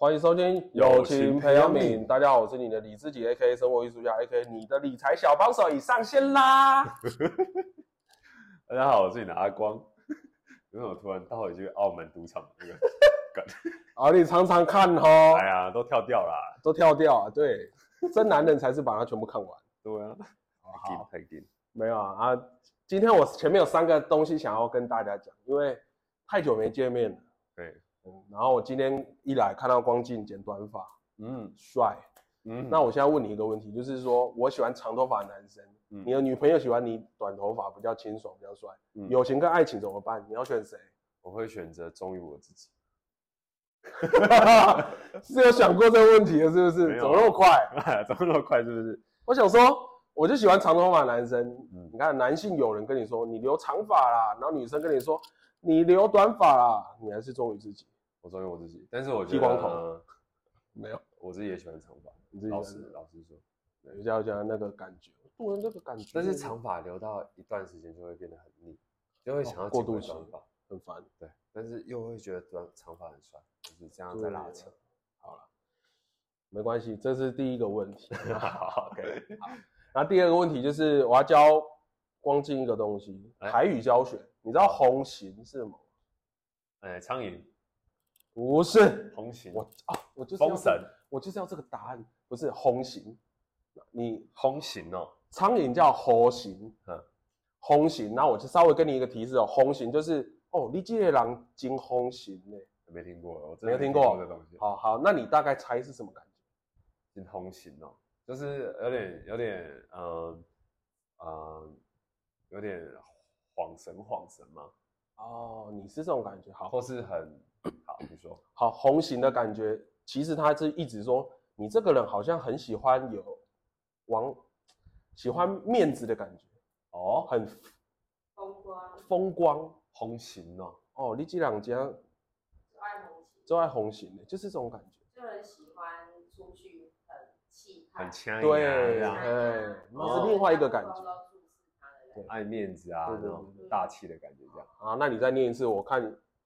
歡迎收聽友情，有情陪聊，敏你。大家好，我是你的李自己，AKA 生活藝術家，AKA 你的理財小幫手已上線啦！ 大家好，我是你的阿光。為什麼突然到這個澳門賭場這個 啊，你常常看哦。哎呀，都跳掉啦，都跳掉。對，真男人才是把它全部看完。 對啊，哦、好定，一 沒有啊啊！今天我前面有三個東西想要跟大家講，因為太久沒見面了。對。嗯，然後我今天一來看到光鏡剪短髮，嗯，帥帥，嗯，那我現在問你一個問題，就是說我喜歡長頭髮的男生，嗯，你的女朋友喜歡你短頭髮，比較清爽，比較帥，嗯，友情跟愛情怎麼辦？你要選誰？我會選擇忠於我自己， 是有想過這個問題的，是不是？怎有麼那麼快，怎 麼那麼快，是不是？我想說，我就喜歡長頭髮的男生，嗯，你看男性有人跟你說你留長髮啦，然後女生跟你說你留短髮啦，你還是忠於自己。我忠於我自己，但是我覺得剃光頭沒有，我自己也喜歡長髮。老實，老實說，要講那個感覺，不能這個感覺。但是長髮留到一段時間就會變得很膩，就會想要過度短髮，很煩。對，但是又會覺得短長髮很帥，就是這樣在拉扯。好啦，沒關係，這是第一個問題。好，OK。好，那第二個問題就是我要教光進一個東西，台語教學。你知道紅型是什麼嗎？哎，蒼蠅。不是紅型，行我啊、哦，我就是要、這個、風神，我就是要這個答案，不是紅型，你紅型哦，蒼蠅叫紅型，嗯呵，紅型，那我就稍微跟你一個提示哦，紅型就是哦，你記得狼驚紅型呢？沒聽過，我真的沒聽過，好好，那你大概猜是什麼感覺？驚紅型哦，就是有點有點嗯嗯、呃呃，有點恍神恍神嗎？哦，你是這種感覺，好，或是很。你說好紅型的感覺，其實他是一直說你這個人好像很喜歡有往喜歡面子的感覺哦，很風光風光紅型呢哦，你這兩張就愛紅型，就愛紅型的，就是這種感覺，就很喜歡出去很氣派，很強。對啊，那是另外一個感覺，很愛面子啊，那種大氣的感覺這樣啊，那你再念一次，我看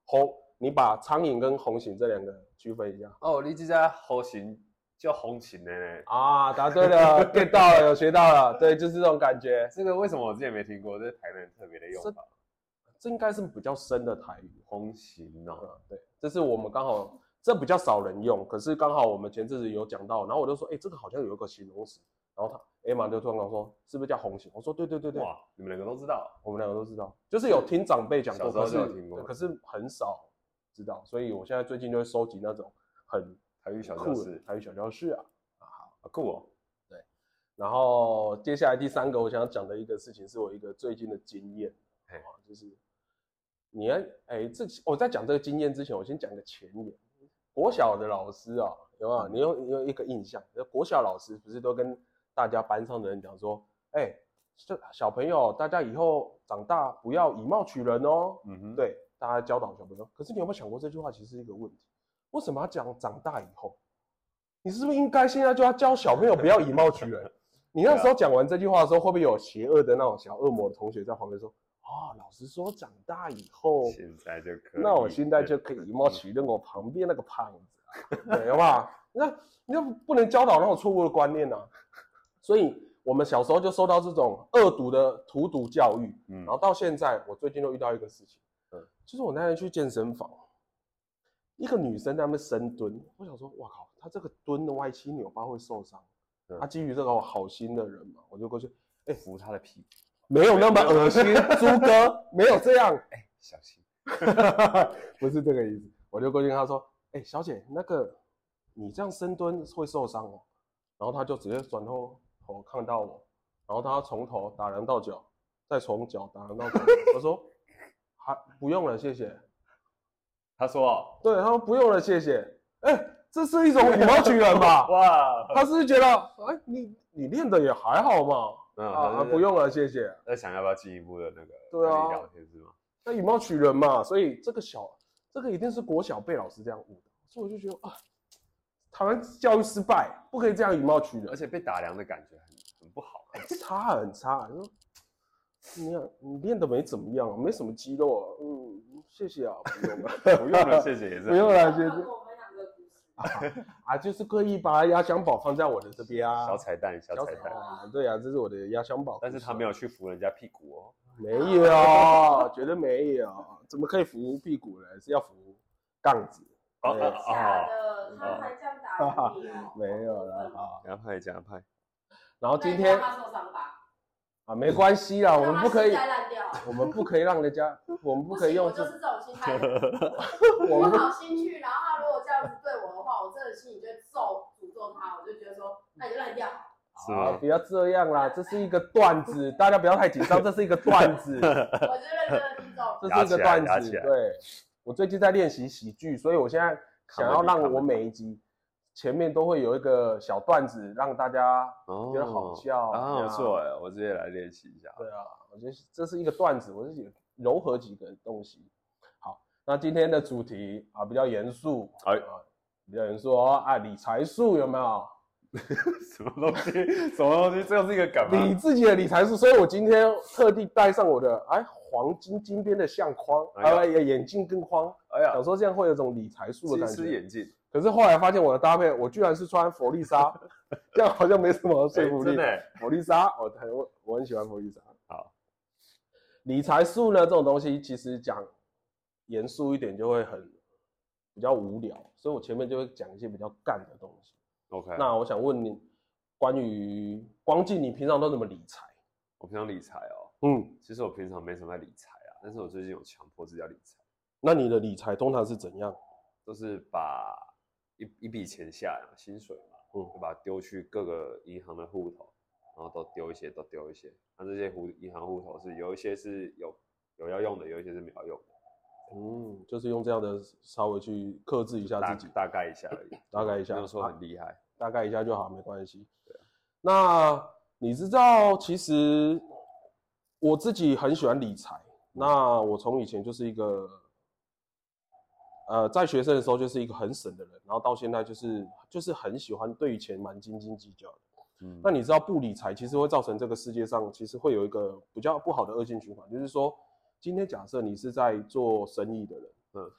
紅。你把蒼蠅跟紅型這兩個區分一下。哦，你知不知道紅型叫紅型的嘞？啊，答對了 ，get 到了， 有學到了。對，就是這種感覺。這個為什麼我之前沒聽過？這是、個、台灣人特別的用法。這，這應該是比較深的台語，紅型哦、喔嗯。對，這是我們剛好這比較少人用，可是剛好我們前陣子有講到，然後我就說，哎、欸，這個好像有一個形容詞，然後他 Emma 就突然講說，是不是叫紅型？我說對對對對。哇，你們兩個都知道、啊，我們兩個都知道，就是有聽長輩講過，對可是小時候就有聽過，可是很少。知道，所以我現在最近就會收集那種很台語小故事，台語小教室啊，啊好，酷哦，對。然後接下來第三個我想要講的一個事情，是我一個最近的經驗，哦嘿、啊，就是你哎，這、欸，我在講這個經驗之前，我先講個前言。國小的老師啊，有啊，你有有一個印象，國小老師不是都跟大家班上的人講說，哎、欸，小朋友，大家以後長大不要以貌取人哦，嗯哼對。大家教導小朋友，可是你有沒有想過這句話其實是一個問題？為什麼要講長大以後？你是不是應該現在就要教小朋友不要以貌取人？你那時候講完這句話的時候，會不會有邪惡的那種小惡魔的同學在旁邊說：“哦，老師說長大以後，現在就可以，那我現在就可以以貌取人。”我旁邊那個胖子， 對，好不好？那你就不能教導那種錯誤的觀念呢、啊？所以，我們小時候就受到這種惡毒的荼毒教育。然後到現在，我最近又遇到一個事情。就是我那天去健身房，一個女生在那邊深蹲，我想說，哇靠，她這個蹲的歪七扭八會受傷。她基於這個好心的人嘛，我就過去，扶、欸、她的屁股，沒有那麼惡心，豬 哥沒有這樣。哎、欸，小心， 不是這個意思。我就過去跟她說，哎、欸，小姐，那個你這樣深蹲會受傷哦。然後她就直接轉頭看到我，然後她從頭打量到腳，再從腳打量到腳，我說。 他、啊、不用了，謝謝。他說、哦：“對，他說不用了，謝謝。欸”哎，這是一種以貌取人吧？ 哇，他是不是覺得，哎、欸，你你練得也還好嘛？嗯、啊，不用了，謝謝。在想要不要進一步的那個對啊聊天是嗎？那以貌取人嘛，所以這個小這個一定是國小被老師這樣誤的，所以我就覺得啊，台灣教育失敗，不可以這樣以貌取人，而且被打量的感覺很很不好、啊，這差、欸、很差、啊。你你練得沒怎麼樣，沒什麼肌肉啊。嗯，謝謝啊，不用了， 謝謝不用了，謝謝。不用了，謝謝 、啊。啊啊，就是故意把壓箱寶放在我的這邊啊。小彩蛋，小彩蛋。啊對啊，這是我的壓箱寶。但是他沒有去扶人家屁股哦。沒有， 絕對沒有。怎麼可以扶屁股呢？是要扶槓子。哦，哦，哦、 啊。還沒有了啊，獎牌，獎牌。然後今天。啊，沒關係啦，我們不可以，我們不可以讓人家，我們不可以用，我就是這種心態。 我好心去，然後他如果這樣子對我的話，我真的心裡就揍，詛咒他，我就覺得說，那你就爛掉。啊、好，不要這樣啦，這是一個段子， 大家不要太緊張，這是一個段子。我覺得真的這種， 這是一個段子。對，我最近在練習喜劇，所以我現在想要讓我每一集前面都會有一個小段子，讓大家覺得好笑。沒、哦啊嗯、錯，我直接來練習一下。對啊，我覺得這是一個段子，我自己柔和幾個東西。好，那今天的主題啊比較嚴肅，哎啊、嗯、比較嚴肅、哦、啊，理財術有沒有？嗯 什麼東西？什麼東西？這又是一個梗嗎？李自己的理財術，所以我今天特地帶上我的哎，黃金金邊的相框，還有眼鏡跟框。哎呀，啊、哎呀想說這樣會有種理財術的感覺。金絲眼鏡。可是後來發現我的搭配，我居然是穿佛麗莎， 這樣好像沒什麼說服力。哎、真的，佛麗莎，我很我很喜歡佛麗莎。好，理財術呢，這種東西其實講嚴肅一點就會很比較無聊，所以我前面就會講一些比較乾的東西。Okay. 那我想問你，關於光進，你平常都怎麼理財？我平常理財哦、喔，嗯，其實我平常沒什麼在理財啊，但是我最近有強迫自己要理財。那你的理財通常是怎樣？都是把一一筆錢下來嘛，薪水嘛，嗯，就把它丟去各個銀行的戶頭，然後都丟一些，都丟一些。那這些戶銀行戶頭是有一些是有有要用的，有一些是沒有用的。嗯，就是用這樣的稍微去克制一下自己，大，大概一下而已， 大概一下，就、oh, 一下，沒有說很厲害。啊大概一下就好，沒關係。對，那你知道，其實我自己很喜歡理財。嗯。那我從以前就是一個，呃，在學生的時候就是一個很省的人，然後到現在就是就是很喜歡對錢蠻斤斤計較的。嗯。那你知道，不理財其實會造成這個世界上其實會有一個比較不好的惡性循環，就是說，今天假設你是在做生意的人，嗯。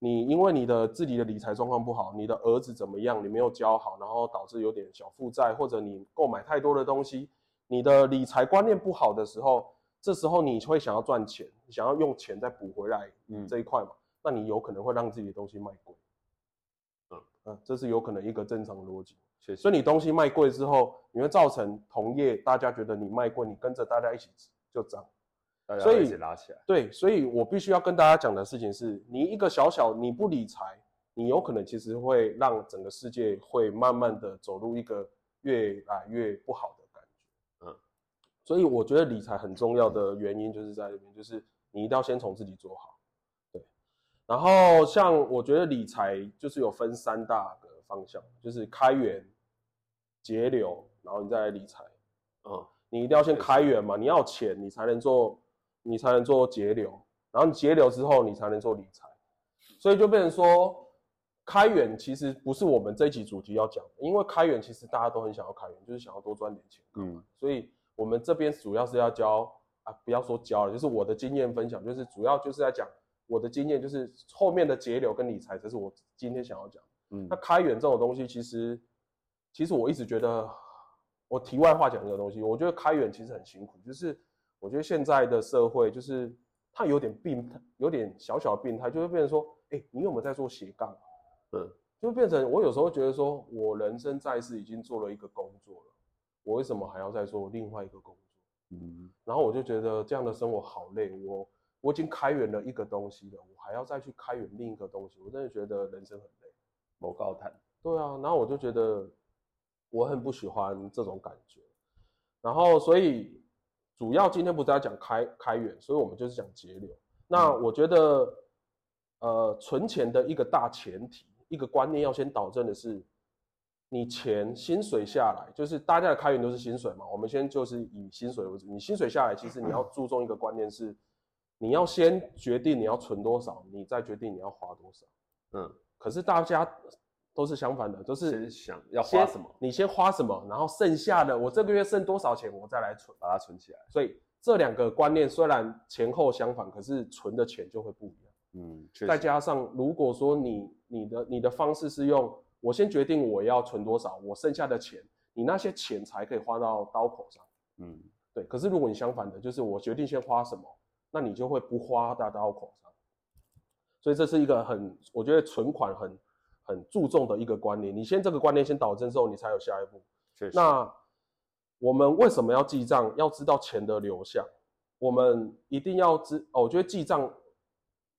你因為你的自己的理財狀況不好，你的兒子怎麼樣？你沒有教好，然後導致有點小負債，或者你購買太多的東西，你的理財觀念不好的時候，這時候你會想要賺錢，想要用錢再補回來這一塊嘛？嗯、那你有可能會讓自己的東西賣貴。嗯嗯，這是有可能一個正常邏輯。所以你東西賣貴之後，你會造成同業大家覺得你賣貴，你跟着大家一起吃就漲。所以對，所以我必須要跟大家講的事情是，你一個小小你不理財，你有可能其實會讓整個世界會慢慢的走入一個越來越不好的感覺。嗯，所以我覺得理財很重要的原因就是在這邊，就是你一定要先從自己做好。對，然後像我覺得理財就是有分三大的方向，就是開源、節流，然後你再來理財。嗯，你一定要先開源嘛，是你要錢你才能做。你才能做節流，然後你節流之後，你才能做理財，所以就變成說，開源其實不是我們這一集主題要講的，因為開源其實大家都很想要開源，就是想要多賺點錢，嗯，所以我們這邊主要是要教啊，不要說教了，就是我的經驗分享，就是主要就是在講我的經驗，就是後面的節流跟理財才是我今天想要講，嗯，那開源這種東西，其實其實我一直覺得，我題外話講這個東西，我覺得開源其實很辛苦，就是。我覺得現在的社會就是它有點病，它有點小小病態，就會變成說：哎、欸，你有沒有在做斜槓？嗯是，就變成我有時候覺得說，我人生在世已經做了一個工作了，我為什麼還要再做另外一個工作？嗯，然後我就覺得這樣的生活好累，我我已經開源了一個東西了，我還要再去開源另一個東西，我真的覺得人生很累。某高談對啊，然後我就覺得我很不喜歡這種感覺，然後所以。主要今天不是在講開開源，所以我們就是講節流。那我覺得，嗯、呃，存錢的一個大前提，一個觀念，要先導正的是，你錢薪水下來，就是大家的開源都是薪水嘛。我們先就是以薪水為主，你薪水下來，其實你要注重一個觀念是，你要先決定你要存多少，你再決定你要花多少。嗯，可是大家。都是相反的，都、就是想要花什麼。你先花什麼，然後剩下的我這個月剩多少錢，我再來存，把它存起來。所以這兩個觀念雖然前後相反，可是存的錢就會不一樣。嗯，再加上如果說你你的你的方式是用我先決定我要存多少，我剩下的錢，你那些錢才可以花到刀口上。嗯，對。可是如果你相反的，就是我決定先花什麼，那你就會不花到刀口上。所以這是一個很，我覺得存款很。很注重的一個觀念，你先這個觀念先導正之後，你才有下一步。謝謝，那我們為什麼要記賬？要知道錢的流向，我們一定要知。哦、我覺得記賬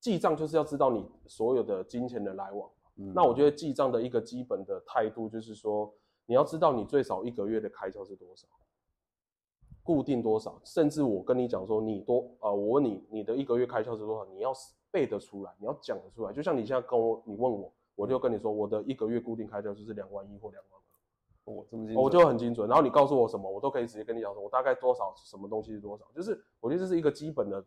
記賬就是要知道你所有的金錢的來往。嗯、那我覺得記賬的一個基本的態度就是說，你要知道你最少一個月的開銷是多少，固定多少。甚至我跟你講說，你多啊、呃，我問你，你的一個月開銷是多少？你要背得出來，你要講得出來。就像你現在跟我，你問我。我就跟你說，我的一個月固定開銷就是兩萬一或兩萬二，我、哦、這麼精，我、oh, 就很精準。然後你告訴我什麼，我都可以直接跟你講說，我大概多少什麼東西是多少。就是我覺得這是一個基本的，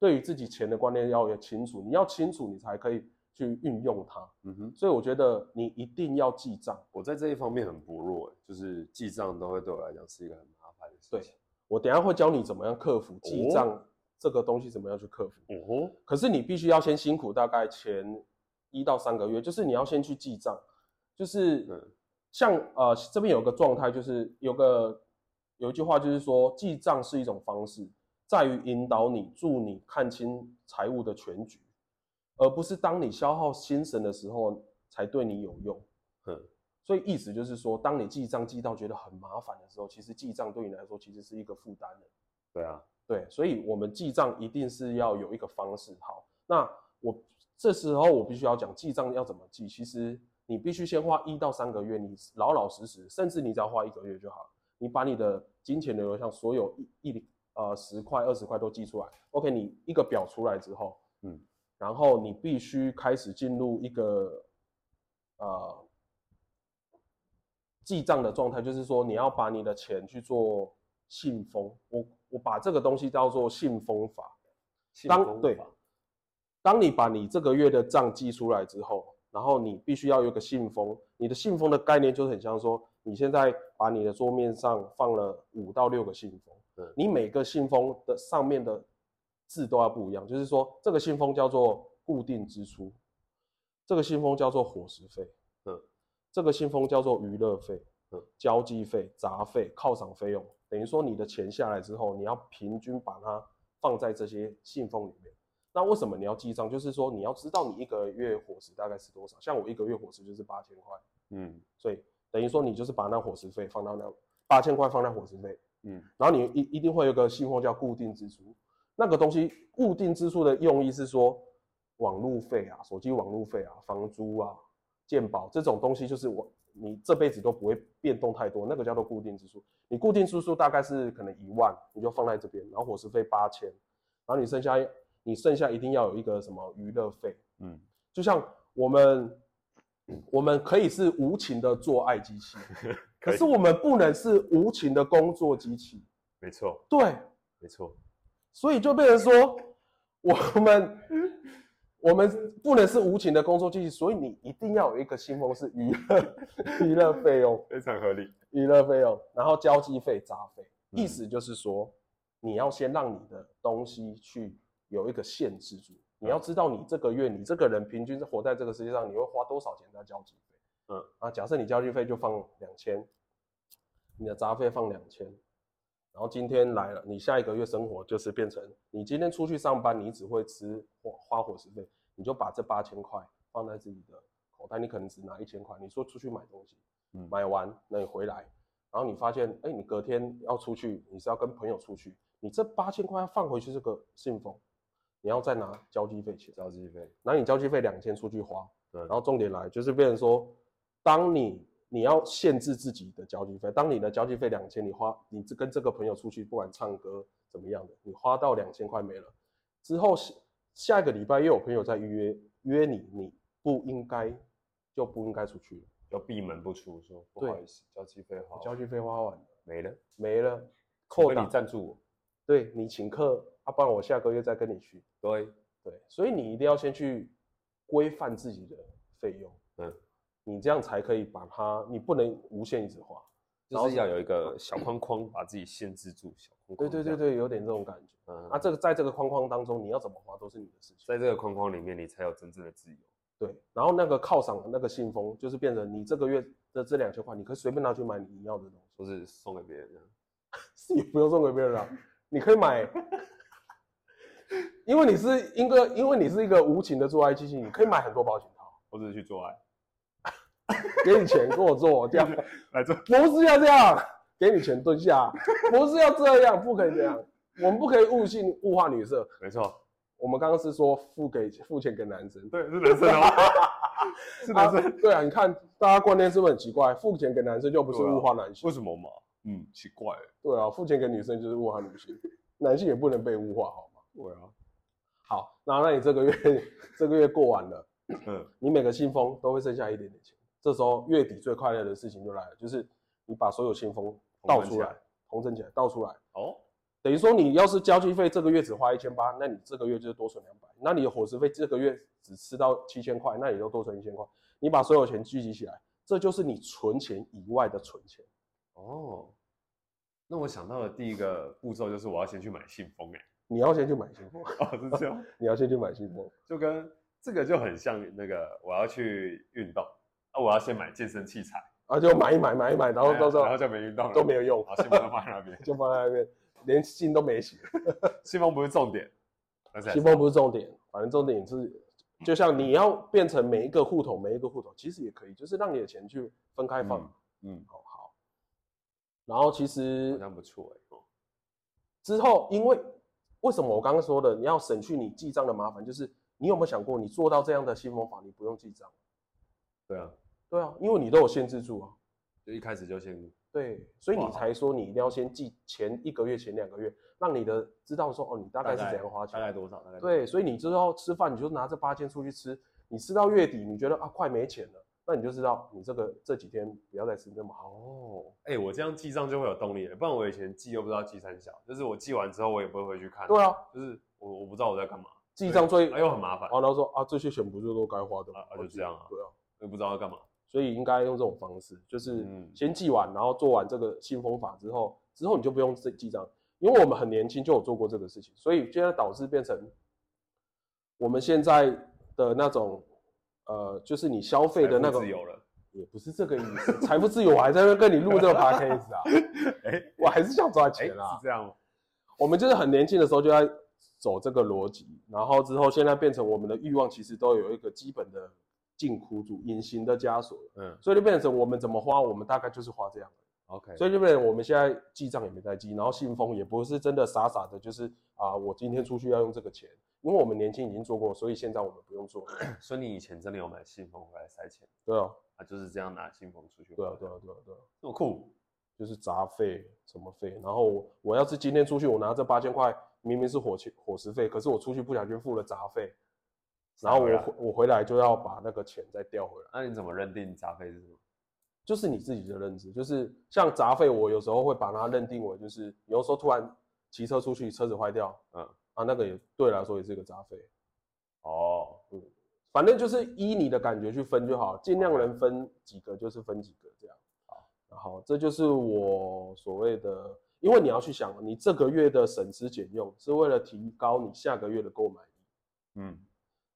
對於自己錢的觀念要要清楚，你要清楚，你才可以去運用它。嗯哼，所以我覺得你一定要記賬。我在這一方面很薄弱，就是記賬都會對我來講是一個很麻煩的事情。對，我等下會教你怎麼樣克服、哦、記賬這個東西，怎麼樣去克服。哦吼、嗯哼，可是你必須要先辛苦大概前。一到三個月，就是你要先去記賬，就是像、嗯、呃這邊有、就是、有個狀態，就是有個，有一句話就是說，記賬是一種方式，在於引導你助你看清財務的全局，而不是當你消耗心神的時候才對你有用。嗯，所以意思就是說，當你記賬記到覺得很麻煩的時候，其實記賬對你來說其實是一個負擔的。對啊，對，所以我們記賬一定是要有一個方式。好，那我。這時候我必須要講記賬要怎麼記。其實你必須先花一到三個月，你老老實實，甚至你只要花一個月就好。你把你的金錢的流向，所有一、一、呃，十塊、二十塊都記出來。OK，你一個表出來之後，嗯，然後你必須開始進入一個呃記賬的狀態，就是說你要把你的錢去做信封。我我把這個東西叫做信封法，信封法當對。當你把你這個月的賬記出來之後，然後你必須要有一個信封。你的信封的概念就是很像說，你現在把你的桌面上放了五到六個信封，你每個信封的上面的字都要不一樣。就是說，這個信封叫做固定支出，這個信封叫做伙食費，嗯，這個信封叫做娛樂費，嗯、這個，交際費、雜費、犒賞費用，等於說你的錢下來之後，你要平均把它放在這些信封裡面。那為什麼你要記賬就是說你要知道你一個月伙食大概是多少。像我一個月伙食就是八千塊，嗯，所以等於說你就是把那伙食費放到那八千塊，放在伙食費，嗯，然後你一一定會有個細目叫固定支出。那個東西固定支出的用意是說，網路費啊、手機網路費啊、房租啊、健保這種東西就是我你這輩子都不會變動太多，那個叫做固定支出。你固定支出大概是可能一萬，你就放在這邊，然後伙食費八千，然後你剩下。你剩下一定要有一個什麼娛樂費？嗯，就像我們，我們可以是無情的做愛機器，嗯、 可，以可是我們不能是無情的工作機器。沒錯錯。對。沒錯錯。所以就變成說我們我們不能是無情的工作機器，所以你一定要有一個新俸是娛樂娛樂費用，哦、非常合理。娛樂費用，然後交際費雜費，嗯、意思就是說你要先讓你的東西去，有一個限制住，你要知道，你這個月你這個人平均是活在這個世界上，你會花多少錢在交際費？嗯，啊，假設你交際費就放兩千，你的雜費放兩千，然後今天來了，你下一個月生活就是變成，你今天出去上班，你只會吃火花花伙食費，你就把這八千塊放在自己的口袋，你可能只拿一千塊，你說出去買東西，買完那你回來，然後你發現，誒、欸，你隔天要出去，你是要跟朋友出去，你這八千塊要放回去這個信封。你要再拿交際費，去交際費，拿你交際費兩千出去花，對，然後重點來就是變成說，當你你要限制自己的交際費，當你的交際費兩千，你花，你跟這個朋友出去，不管唱歌怎麼樣的，你花到兩千塊沒了，之後下下個禮拜又有朋友在預約約你，你不應該就不應該出去了，要閉門不出，說不好意思，對交際費花，交際費花完沒了沒了，扣你贊助我。對你請客，啊不然，我下個月再跟你去。對，對，所以你一定要先去規範自己的費用，嗯，你這樣才可以把它，你不能無限一直花，就是要有一個小框框把自己限制住。小框、框對對對對，有點這種感覺。嗯，那、啊、這個在這個框框當中，你要怎麼花都是你的事情。在這個框框裡面，你才有真正的自由。對，然後那個犒賞的那個信封，就是變成你這個月的這兩千塊，你可以隨便拿去買你要的東西，或是送給別人、啊。 也不用送給別人啊。你可以買，因為你是一個，因為你是一個無情的做愛機器，你可以買很多保險套。我只是去做愛，給你錢，跟我做這樣來做，不是要這樣，給你錢蹲下，不是要這樣，不可以這樣，我們不可以物性物化女色。沒錯，我們剛剛是說付給付錢給男生，對，是男生啊，是男生。對啊，你看大家觀念是不是很奇怪？付錢給男生就不是物化男生？啊、為什麼嘛？嗯，奇怪，對啊，付錢給女生就是物化女性， 男性也不能被物化，好嗎？對啊，好，那那你這個月這個月過完了，嗯， 你每個信封都會剩下一點點錢，這時候月底最快樂的事情就來了，就是你把所有信封倒出來，同存起來，同存起來，倒出來，哦，等於說你要是交際費這個月只花一千八，那你這個月就多存兩百，那你的伙食費這個月只吃到七千塊，那你就多存一千塊，你把所有錢聚集起來，這就是你存錢以外的存錢。哦，oh, 那我想到的第一個步驟就是我要先去買信封哎、欸，你要先去買信封哦，是這樣，你要先去買信封， 信封 就跟這個就很像那個我要去運動，啊，我要先買健身器材啊，就買一買，買一買，然後到時候然後就沒運動了都沒有用，信封放在那邊，就放在那邊，連信都沒寫，信封不是重點， 信封不是重點， 反正重點、就是，就像你要變成每一個戶頭、嗯、每一個戶頭其實也可以，就是讓你的錢去分開放，嗯，好、嗯。然後其實很不錯哦。之後，因為為什麼我剛剛說的，你要省去你記賬的麻煩，就是你有沒有想過，你做到這樣的新方法，你不用記賬？對啊，對啊，因為你都有限制住啊，就一開始就限制。對，所以你才說你一定要先記前一個月、前兩個月，讓你的知道說哦，你大概是怎樣花錢，大概，大概多少，大概多少。對，所以你之後吃飯，你就拿這八千出去吃，你吃到月底，你覺得啊，快沒錢了。那你就知道，你這個這幾天不要再吃那麼好。哎、哦欸，我這樣記賬就會有動力了、欸，不然我以前記又不知道記三小，就是我記完之後我也不會回去看。對啊，就是我我不知道我在幹嘛。記賬最又、哎喲、很麻煩、啊。然後他說啊，這些錢不就都該花的嘛啊，就這樣啊。對啊，我也不知道要幹嘛。所以應該用這種方式，就是先記完，然後做完這個信封法之後，之後你就不用自己記賬，因為我們很年輕就有做過這個事情，所以現在導致變成我們現在的那種。呃，就是你消費的那個自由了，也不是這個意思。財 富自由，我還在那跟你錄這個 podcast 啊。哎、 欸，我還是想賺錢啊，欸。是這樣，我們就是很年輕的時候就在走這個邏輯，然後之後現在變成我們的欲望其實都有一個基本的禁錮住、隱形的枷鎖。嗯，所以就變成我們怎麼花，我們大概就是花這樣。OK，所以就變成我們現在記賬也沒在記，然後信封也不是真的傻傻的，就是啊，我今天出去要用這個錢。因為我們年輕已經做過，所以現在我們不用做。 所以你以前真的有買信封回來塞錢？對啊，啊就是這樣拿信封出去。對啊，對啊，對啊，對啊。那麼酷就是雜費什麼費，然後我要是今天出去，我拿這八千塊，明明是伙食伙食費，可是我出去不小心付了雜費，然後，然後我我回來就要把那個錢再調回來。那你怎麼認定雜費是什麼？就是你自己的認知，就是像雜費，我有時候會把它認定為就是有時候突然騎車出去車子壞掉，嗯。啊，那個也對了來說也是一個雜費，哦，嗯，反正就是依你的感覺去分就好，盡量能分幾個就是分幾個這樣，好，Okay. 然後這就是我所謂的，因為你要去想，你這個月的省吃儉用是為了提高你下個月的購買力，嗯，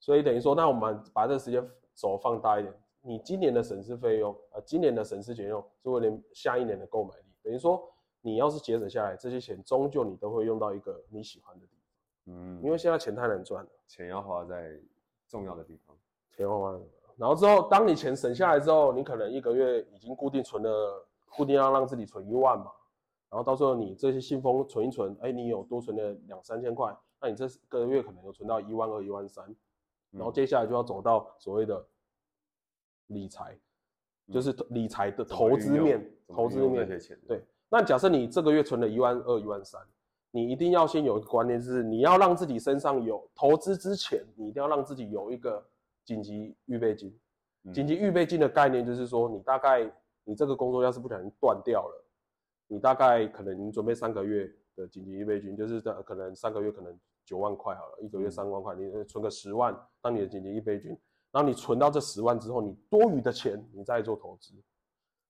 所以等於說，那我們把這個時間軸放大一點，你今年的省吃費用，啊、呃，今年的省吃儉用是為了下一年的購買力，等於說，你要是節省下來這些錢，終究你都會用到一個你喜歡的地方。嗯，因為現在錢太難賺了，錢要花在重要的地方，錢用完然後之後，當你錢省下來之後，你可能一個月已經固定存了，固定要讓自己存一萬嘛，然後到時候你這些信封存一存，哎，你有多存了兩三千塊，那你這個月可能有存到一萬二、一萬三，然後接下來就要走到所謂的理財，就是理財的投資面，投資面，對，那假設你這個月存了一萬二、一萬三。你一定要先有一個觀念，就是你要讓自己身上有投資之前，你一定要讓自己有一個緊急預備金。緊急預備金的概念就是說，你大概你這個工作要是不小心斷掉了，你大概可能你準備三個月的緊急預備金，就是可能三個月可能九萬塊好了，一個月三萬塊，你存個十萬當你的緊急預備金。然後你存到這十萬之後，你多餘的錢你再做投資。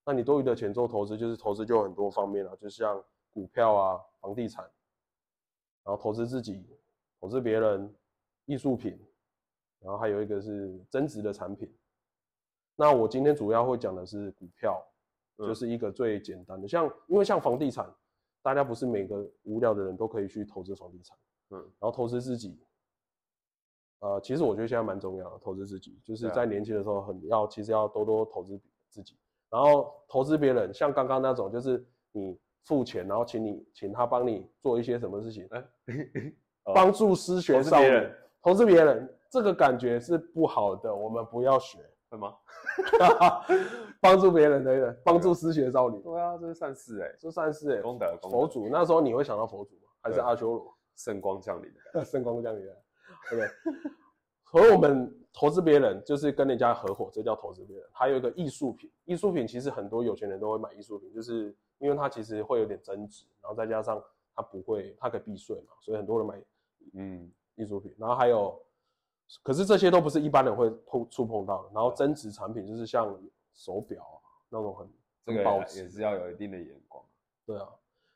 那你多餘的錢做投資，就是投資就很多方面了，就是像股票啊、房地產。然後投資自己、投資別人、藝術品，然後還有一個是增值的產品。那我今天主要會講的是股票，嗯、就是一個最簡單的。像因為像房地產，大家不是每個無聊的人都可以去投資房地產。嗯。然後投資自己，呃，其實我覺得現在蠻重要的，投資自己，就是在年輕的時候很、嗯、要，其實要多多投資自己，自己。然後投資別人，像剛剛那種，就是你。付錢，然後請你，請他幫你做一些什麼事情？哎、欸，幫 助失學少女，投資別人、人，這個感覺是不好的，我們不要學，對嗎？幫 助別人的人，幫助失學少女對、啊，對啊，這是善事誒，這善事哎，功德，佛祖主對那時候你會想到佛祖嗎？還是阿修羅？聖光降臨的感覺，聖 光降臨的，對不對 和我們投資別人，就是跟人家合夥，這叫投資別人。還有一個藝術品，藝術品其實很多有錢人都會買藝術品，就是。因為它其實會有點增值，然後再加上它不會，它可以避稅嘛，所以很多人買嗯藝術品，嗯、然後還有，可是這些都不是一般人會碰觸碰到的。然後增值產品就是像手錶、啊、那種很這個也是要有一定的眼光，對啊。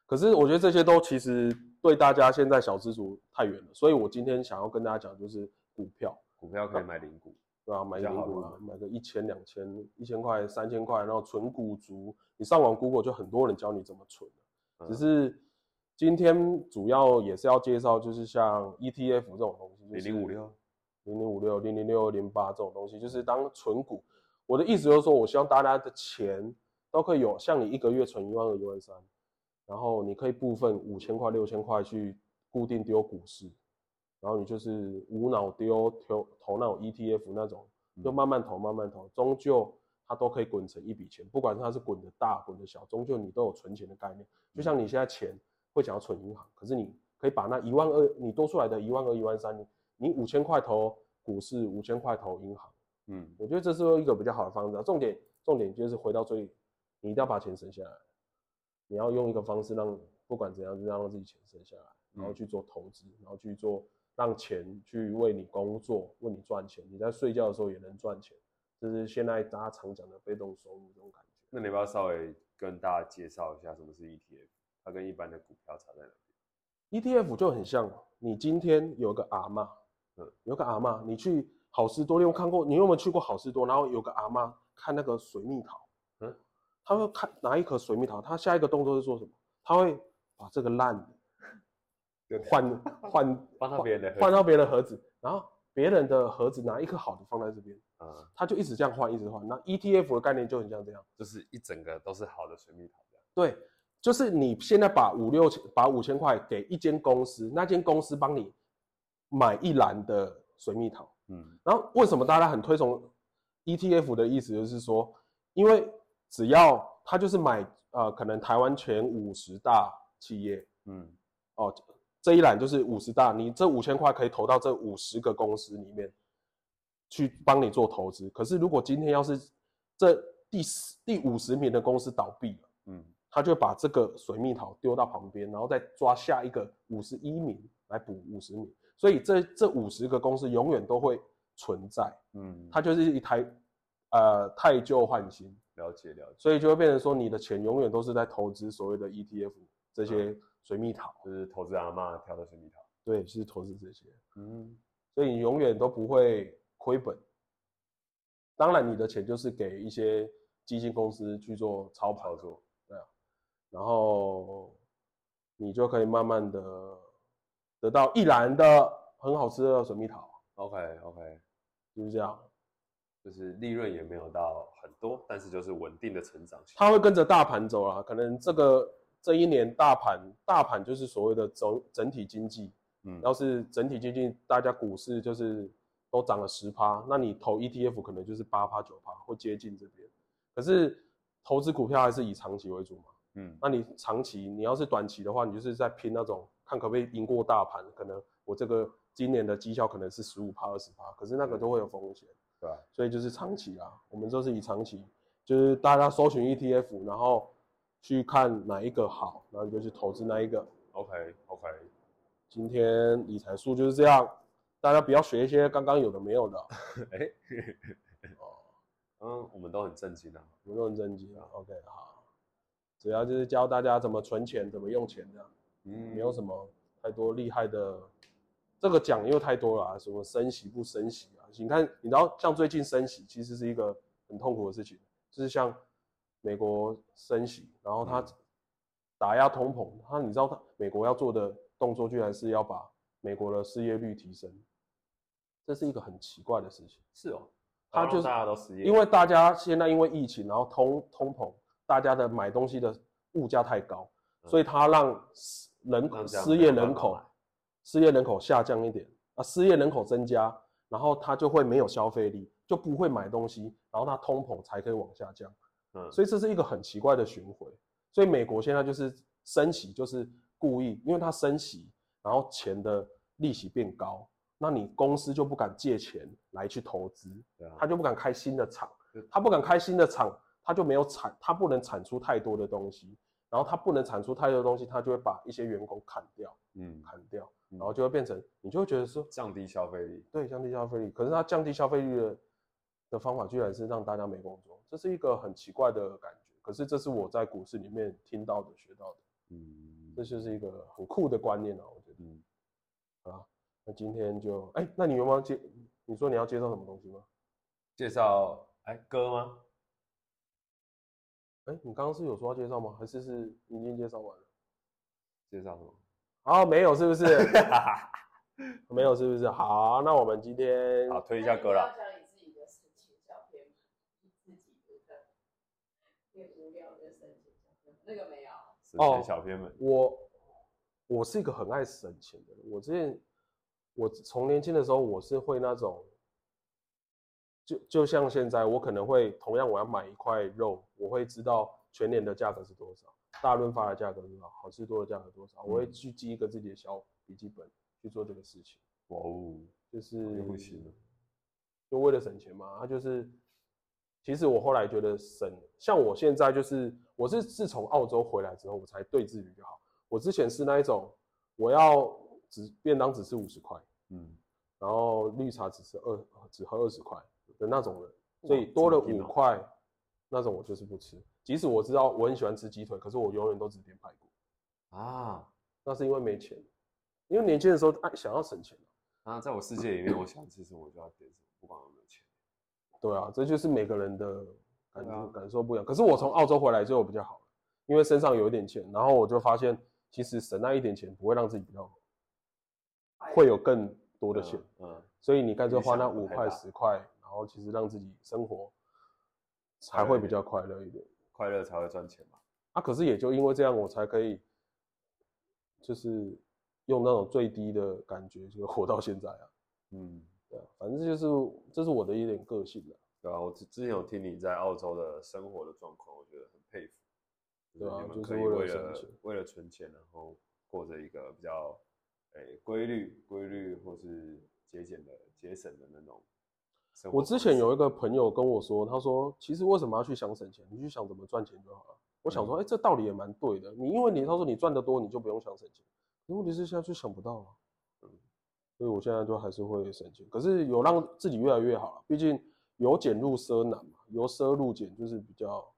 可是我覺得這些都其實對大家現在小資族太遠了，所以我今天想要跟大家講就是股票，股票可以買零股，對啊，買個零股啊，買，買個一千、兩千、一千塊、三千塊，然後存股族。你上網 Google 就很多人教你怎麼存、啊，只是今天主要也是要介紹，就是像 ETF 這種東西，零零五六、零零五六、零零六零八這種東西，就是當存股。我的意思就是說，我希望大家的錢都可以有，像你一個月存一萬二、一萬三，然後你可以部分五千塊、六千塊去固定丟股市，然後你就是無腦丟投投那種 ETF 那種，就慢慢投、慢慢投，終究。它都可以滾成一筆錢，不管它是滾的大滾的小，終究你都有存錢的概念。就像你現在錢會想要存銀行，可是你可以把那一萬二，你多出來的一萬二一萬三，你五千塊投股市，五千塊投銀行。嗯，我覺得這是一個比較好的方式。重點重點就是回到最，你一定要把錢省下來，你要用一個方式讓不管怎樣就讓讓自己錢省下來，然後去做投資，然後去做讓錢去為你工作，為你賺錢。你在睡覺的時候也能賺錢。就是現在大家常講的被動收入這種感覺。那你要不要稍微跟大家介紹一下，什麼是 ETF？它跟一般的股票差在哪邊？ETF 就很像，你今天有個阿嬤，嗯，有個阿嬤，你去好市多，你有沒有看過？你有沒有去過好市多？然後有個阿嬤看那個水蜜桃，嗯，他會看哪一顆水蜜桃，他下一個動作是做什麼？他會把這個爛的換換換到別的，換到別的盒子，然後。別人的盒子拿一顆好的放在這邊，嗯，他就一直這樣換，一直換。那 ETF 的概念就很像這樣，就是一整個都是好的水蜜桃這樣。對，就是你現在把五六千，把五千塊給一間公司，那間公司幫你買一籃的水蜜桃，嗯。然後為什麼大家很推崇 ETF 的意思，就是說，因為只要他就是買，呃，可能台灣前五十大企業，嗯，哦。這一欄就是五十大，你這五千塊可以投到這五十個公司裡面去幫你做投資。可是如果今天要是這第四、第五十名的公司倒閉了，嗯，他就把這個水蜜桃丟到旁邊，然後再抓下一個五十一名來補五十名。所以這這五十個公司永遠都會存在，嗯，它就是一台呃，汰舊換新，了解，了解。所以就會變成說，你的錢永遠都是在投資所謂的 ETF 這些。嗯水蜜桃就是投資阿嬤挑的水蜜桃，對，就是投資這些，嗯，所以你永遠都不會虧本。當然，你的錢就是給一些基金公司去做操盤、做，對啊，然後你就可以慢慢的得到一籃的很好吃的水蜜桃。OK OK，就是這樣，就是利潤也沒有到很多，但是就是穩定的成長。它會跟着大盤走啊，可能這個。這一年大盤大盤就是所謂的整整體經濟，嗯，要是整體經濟，大家股市就是都漲了十趴，那你投 ETF 可能就是八趴九趴，會接近這邊。可是投資股票還是以長期為主嘛，嗯，那你長期你要是短期的話，你就是在拼那種看可不可以贏過大盤，可能我這個今年的績效可能是十五趴二十趴，可是那個都會有風險，對，所以就是長期啦。我們都是以長期，就是大家搜尋 ETF 然後。去看哪一個好，然後你就去投資哪一個。OK OK，今天理財術就是這樣，大家不要學一些剛剛有的沒有的。哎，哦，嗯，我們都很正經的、啊，我們都很正經的、啊。OK，好，主要就是教大家怎麼存錢，怎麼用錢的，嗯，沒有什麼太多厲害的，這個講又太多了、啊，什麼升息不升息啊？你看，你知道像最近升息，其實是一個很痛苦的事情，就是像。美國升息，然後他打壓通膨，嗯、他你知道，他美國要做的動作居然是要把美國的失業率提升，這是一個很奇怪的事情。是哦，他就是大家都失業、就是，因為大家現在因為疫情，然後通通膨，大家的買東西的物價太高，嗯、所以他讓失人失業人口失業人口下降一點啊，失業人口增加，然後他就會沒有消費力，就不會買東西，然後他通膨才可以往下降。嗯，所以這是一個很奇怪的循環，所以美國現在就是升息，就是故意，因為它升息，然後錢的利息變高，那你公司就不敢借錢來去投資，他就不敢開新的廠，他不敢開新的廠，他就沒有產，他不能產出太多的東西，然後他不能產出太多的東西，他就會把一些員工砍掉，嗯，砍掉，然後就會變成，你就會覺得說降低消費力，對，降低消費力，可是它降低消費力的。的方法居然是讓大家沒工作，這是一個很奇怪的感覺。可是這是我在股市裡面聽到的、學到的，嗯，這就是一個很酷的觀念啊，我覺得。嗯、啊，那今天就哎、欸，那你有沒有介，你說你要介紹什麼東西嗎？介紹哎、欸、歌嗎？哎、欸，你剛剛是有說要介紹嗎？還是是已經介紹完了？介紹什麼？哦，沒有，是不是？ 沒有，是不是？好，那我們今天好推一下歌了。哎那個沒有，省錢、oh, 小偏們。我我是一個很愛省錢的人。我之前我從年輕的時候，我是會那種，就就像現在，我可能會同樣我要買一塊肉，我會知道全聯的價格是多少，大潤發的價格多少，好市多的價格是多少，嗯、我會去記一個自己的小筆記本去做這個事情。哇哦，就是就為了省錢嘛，他就是。其實我後來覺得省，像我現在就是，我是自從澳洲回來之後，我才對自己比較好。我之前是那一種，我要只便當，只是五十塊，嗯，然後綠茶只吃二，只喝二十塊的那種人，所以多了五塊、哦啊、那種我就是不吃。即使我知道我很喜歡吃雞腿，可是我永遠都只點排骨。啊，那是因為沒錢，因為年輕的時候愛、哎、想要省錢啊,啊，在我世界裡面，我想吃什麼 我就要點什麼，不管有沒有錢。對啊，這就是每個人的感覺感受不一樣。啊、可是我從澳洲回來之後比較好了，因為身上有一點錢，然後我就發現，其實省那一點錢不會讓自己比較好，會有更多的錢。嗯、啊。啊、所以你乾脆花那五塊十塊，然後其實讓自己生活才會比較快樂一點。快樂才會賺錢嘛。啊，可是也就因為這樣，我才可以，就是用那種最低的感覺，就活到現在啊。嗯。對，反正就是這是我的一點個性啦。對啊，我之之前有聽你在澳洲的生活的狀況，我覺得很佩服。對啊，就是有有可以為了是為了存錢，存錢然後過着一個比較規、欸、律、規律或是節儉的、節省的那種。我之前有一個朋友跟我說，他說其實為什麼要去想省錢？你去想怎麼賺錢就好了。我想說，哎、嗯欸，這道理也蠻對的。你因為你他說你賺得多，你就不用想省錢。可是問題是現在卻想不到啊。所以我現在就還是會省錢，可是有讓自己越來越好，啊，畢竟由儉入奢難嘛，由奢入儉就是比較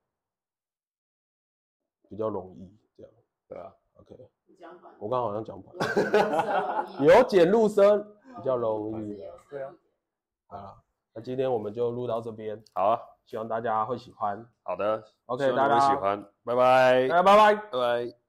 比較容易，這樣對吧、啊？OK，我剛剛好像講反了，由儉、嗯、 入奢比較容易，啊，對啊。好、啊，那今天我們就錄到這邊，好，啊，希望大家會喜歡。好的，OK，大家會喜歡，拜拜，拜拜，拜拜。